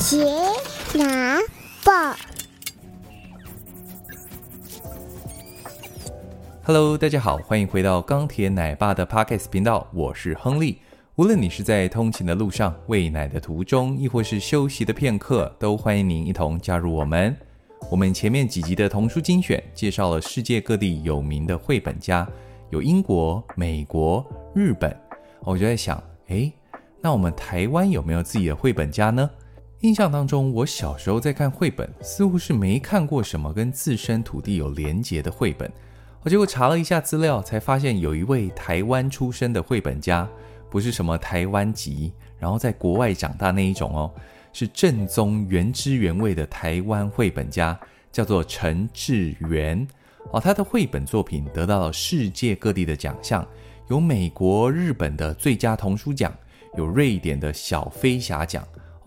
傑拿報，Hello，大家好，歡迎回到鋼鐵奶爸的 Podcast 頻道，我是亨利。無論你是在通勤的路上、餵奶的途中，亦或是休息的片刻，都歡迎您一同加入我們。我們前面幾集的童書精選介紹了世界各地有名的繪本家，有英國、美國、日本。我就在想，誒，那我們台灣有沒有自己的繪本家呢？印象當中，我小時候在看繪本，似乎是沒看過什麼跟自身土地有連結的繪本。我、哦、結果查了一下資料，才發現有一位台灣出生的繪本家，不是什麼台灣籍，然後在國外長大那一種哦，是正宗原汁原味的台灣繪本家，叫做陳致元。哦，他的繪本作品得到了世界各地的獎項，有美國、日本的最佳童書獎，有瑞典的小飛俠獎。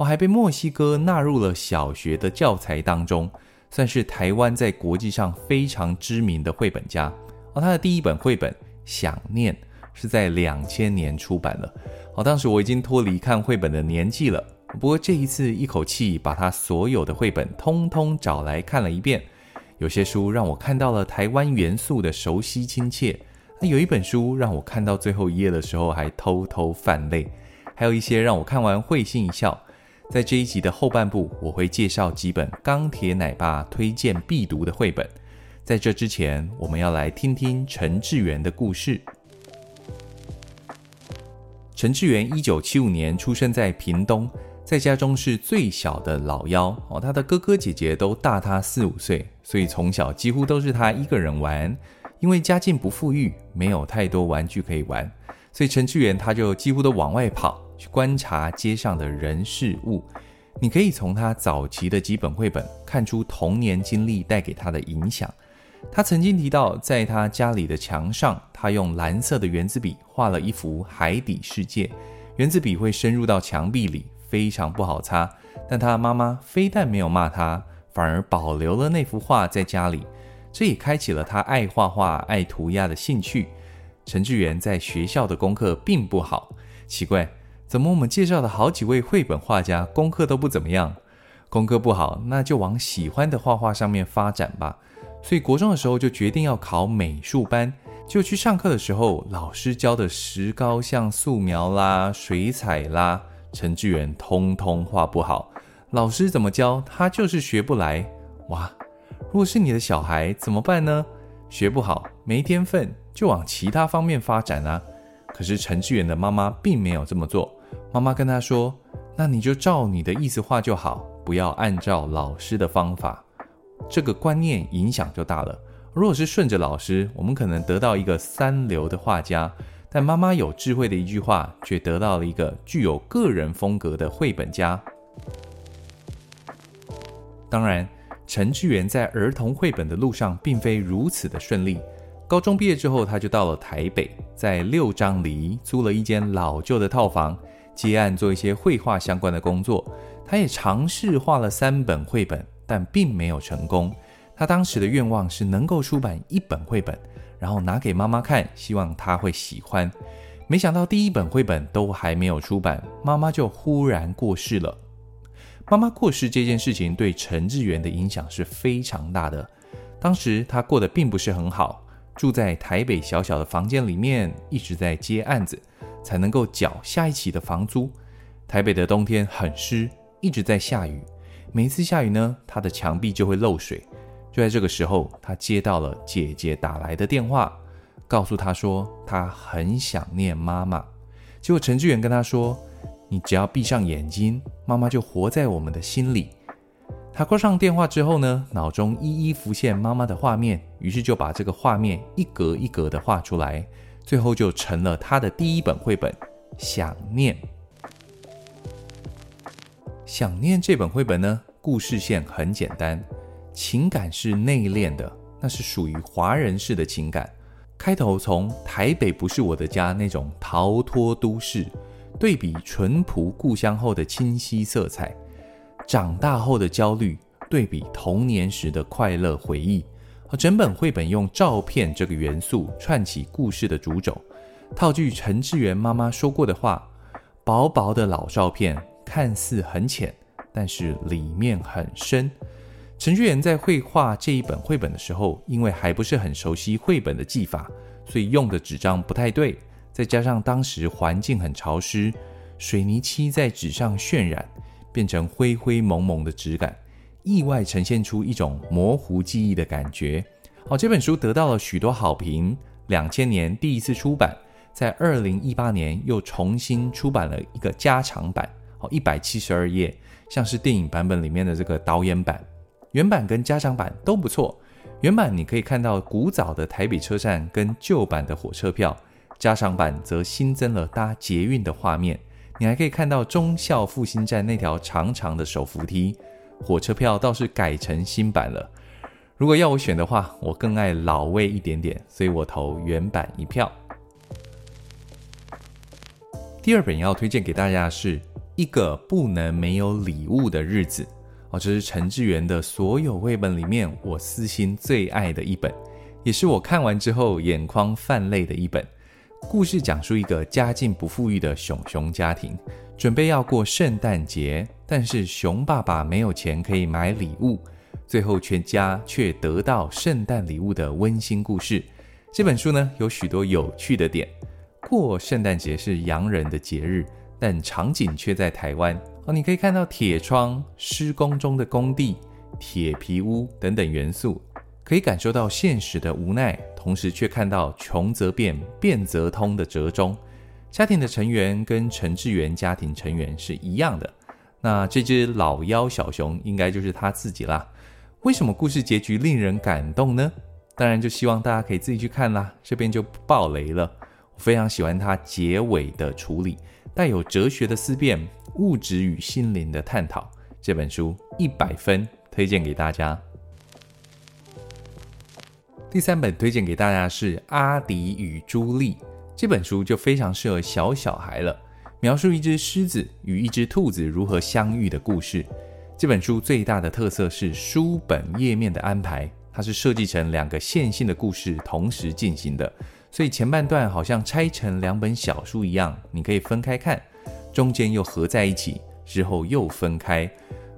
我還被墨西哥納入了小學的教材當中，算是台灣在國際上非常知名的繪本家。而、哦、他的第一本繪本《想念》是在兩千年出版的。好、哦，當時我已經脫離看繪本的年紀了，不過這一次一口氣把他所有的繪本通通通找來看了一遍。有些書讓我看到了台灣元素的熟悉親切，那有一本書讓我看到最後一頁的時候還偷偷泛淚，還有一些讓我看完會心一笑。在這一集的後半部，我會介紹幾本鋼鐵奶爸推薦必讀的繪本。在這之前，我們要來聽聽陳致元的故事。陳致元一九七五年出生在屏東，在家中是最小的老幺哦，他的哥哥姐姐都大他四五歲，所以從小幾乎都是他一個人玩。因為家境不富裕，沒有太多玩具可以玩，所以陳致元他就幾乎都往外跑。去觀察街上的人事物，你可以從他早期的幾本繪本看出童年經歷帶給他的影響。他曾經提到，在他家裡的牆上，他用藍色的原子筆畫了一幅海底世界。原子筆會深入到牆壁裡，非常不好擦。但他的媽媽非但沒有罵他，反而保留了那幅畫在家裡，這也開啟了他愛畫畫、愛塗鴉的興趣。陳致元在學校的功課並不好，奇怪。怎麼我們介紹的，好幾位繪本畫家，功課都不怎麼樣，功課不好，那就往喜歡的畫畫上面發展吧。所以國中的時候就決定要考美術班，就去上課的時候，老師教的石膏像素描啦、水彩啦，陳致元通通畫不好，老師怎麼教他就是學不來。哇，如果是你的小孩怎麼辦呢？學不好沒天分，就往其他方面發展啊。可是陳致元的媽媽並沒有這麼做。媽媽跟他說：“那你就照你的意思畫就好，不要按照老師的方法。這個觀念影響就大了。如果是順着老師，我們可能得到一個三流的畫家；但媽媽有智慧的一句話，卻得到了一個具有個人風格的繪本家。當然，陳致元在兒童繪本的路上並非如此的順利。高中畢業之後，他就到了台北，在六張犁租了一間老舊的套房。”接案做一些繪畫相關的工作，他也嘗試畫了三本繪本，但並沒有成功。他當時的願望是能夠出版一本繪本，然後拿給媽媽看，希望她會喜歡。沒想到第一本繪本都還沒有出版，媽媽就忽然過世了。媽媽過世這件事情對陳致元的影響是非常大的。當時他過得並不是很好，住在台北小小的房間裡面，一直在接案子。才能夠繳下一期的房租。台北的冬天很濕，一直在下雨。每一次下雨呢，他的牆壁就會漏水。就在這個時候，他接到了姐姐打來的電話，告訴他說他很想念媽媽。結果陳致元跟他說：“你只要閉上眼睛，媽媽就活在我們的心裡。”他掛上電話之後呢，腦中一一浮現媽媽的畫面，於是就把這個畫面一格一格的畫出來。最後就成了他的第一本繪本《想念》。《想念》這本繪本呢，故事線很簡單，情感是內斂的，那是屬於華人式的情感。開頭從台北不是我的家那種逃脫都市，對比淳樸故鄉後的清晰色彩；長大後的焦慮，對比童年時的快樂回憶。整本繪本用照片這個元素串起故事的主軸，套句陳致元媽媽說過的話：“薄薄的老照片看似很淺，但是裡面很深。”陳致元在繪畫這一本繪本的時候，因為還不是很熟悉繪本的技法，所以用的紙張不太對，再加上當時環境很潮濕，水泥漆在紙上渲染，變成灰灰蒙蒙的質感。意外呈現出一種模糊記憶的感覺。好、哦，這本書得到了許多好評。兩千年第一次出版，在二零一八年又重新出版了一個加長版，好，一百七十二頁，像是電影版本裡面的這個導演版。原版跟加長版都不錯。原版你可以看到古早的台北車站跟舊版的火車票，加長版則新增了搭捷運的畫面。你還可以看到忠孝復興站那條長長的手扶梯。火車票倒是改成新版了。如果要我選的話，我更愛老味一點點，所以我投原版一票。第二本要推薦給大家的是《一個不能沒有禮物的日子》哦，這是陳致元的所有繪本裡面我私心最愛的一本，也是我看完之後眼眶泛淚的一本。故事講述一個家境不富裕的熊熊家庭，準備要過聖誕節。但是熊爸爸沒有錢可以買禮物，最後全家卻得到聖誕禮物的溫馨故事。這本書呢，有許多有趣的點。過聖誕節是洋人的節日，但場景卻在台灣。哦，你可以看到鐵窗、施工中的工地、鐵皮屋等等元素，可以感受到現實的無奈，同時卻看到窮則變，變則通的折中。家庭的成員跟陳致元家庭成員是一樣的。那這隻老妖小熊應該就是他自己啦。為什麼故事結局令人感動呢？當然就希望大家可以自己去看啦，這邊就不爆雷了。我非常喜歡它結尾的處理，帶有哲學的思辨，物質與心靈的探討。這本書一百分推薦給大家。第三本推薦給大家是《阿迪與朱莉》，這本書就非常適合小小孩了。描述一隻獅子與一隻兔子如何相遇的故事。這本書最大的特色是書本頁面的安排，它是設計成兩個線性的故事同時進行的，所以前半段好像拆成兩本小書一樣，你可以分開看，中間又合在一起，之後又分開。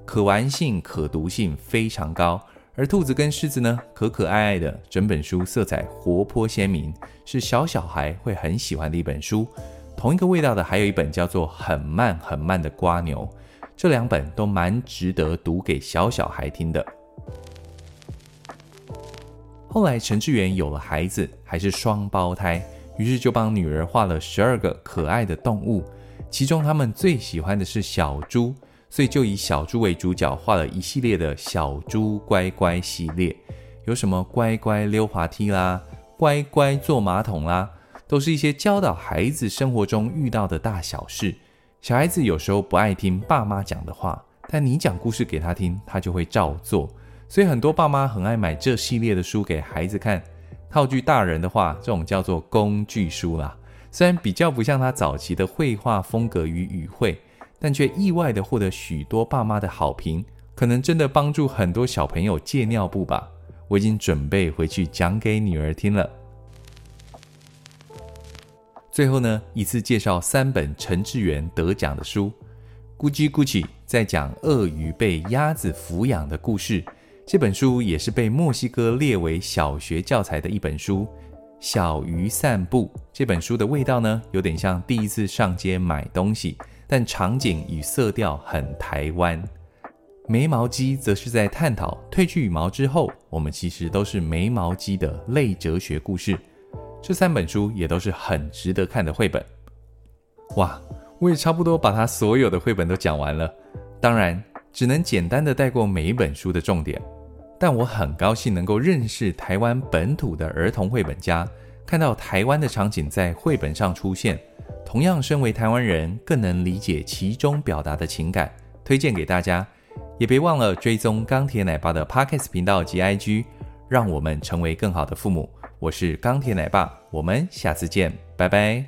可玩性、可讀性非常高。而兔子跟獅子呢，可可愛愛的，整本書色彩活潑鮮明，是小小孩會很喜歡的一本書。同一個味道的，還有一本叫做《很慢很慢的蝸牛》，這兩本都蠻值得讀給小小孩聽的。後來陳致元有了孩子，還是雙胞胎，於是就幫女兒畫了十二個可愛的動物，其中他們最喜歡的是小豬，所以就以小豬為主角，畫了一系列的小豬乖乖系列，有什麼乖乖溜滑梯啦，乖乖坐馬桶啦。都是一些教導孩子生活中遇到的大小事。小孩子有時候不愛聽爸媽講的話，但你講故事給他聽，他就會照做。所以很多爸媽很愛買這系列的書給孩子看，套句大人的話，這種叫做工具書啦。雖然比較不像他早期的繪畫風格與語彙，但卻意外地獲得許多爸媽的好評，可能真的幫助很多小朋友戒尿布吧。我已經準備回去講給女兒聽了。最後呢，一次介紹三本陳致元得獎的書，《Guji Guji》在講鱷魚被鴨子撫養的故事，這本書也是被墨西哥列為小學教材的一本書。《小魚散步》這本書的味道呢，有點像第一次上街買東西，但場景與色調很台灣，《沒毛雞》則是在探討褪去羽毛之後，我們其實都是沒毛雞的類哲學故事。這三本書也都是很值得看的繪本。哇，我也差不多把他所有的繪本都講完了。當然，只能簡單的帶過每一本書的重點。但我很高興能夠認識台灣本土的兒童繪本家，看到台灣的場景在繪本上出現。同樣身為台灣人，更能理解其中表達的情感。推薦給大家，也別忘了追蹤鋼鐵奶爸的 Podcast 頻道及 IG，讓我們成為更好的父母。我是鋼鐵奶爸，我們下次見，拜拜。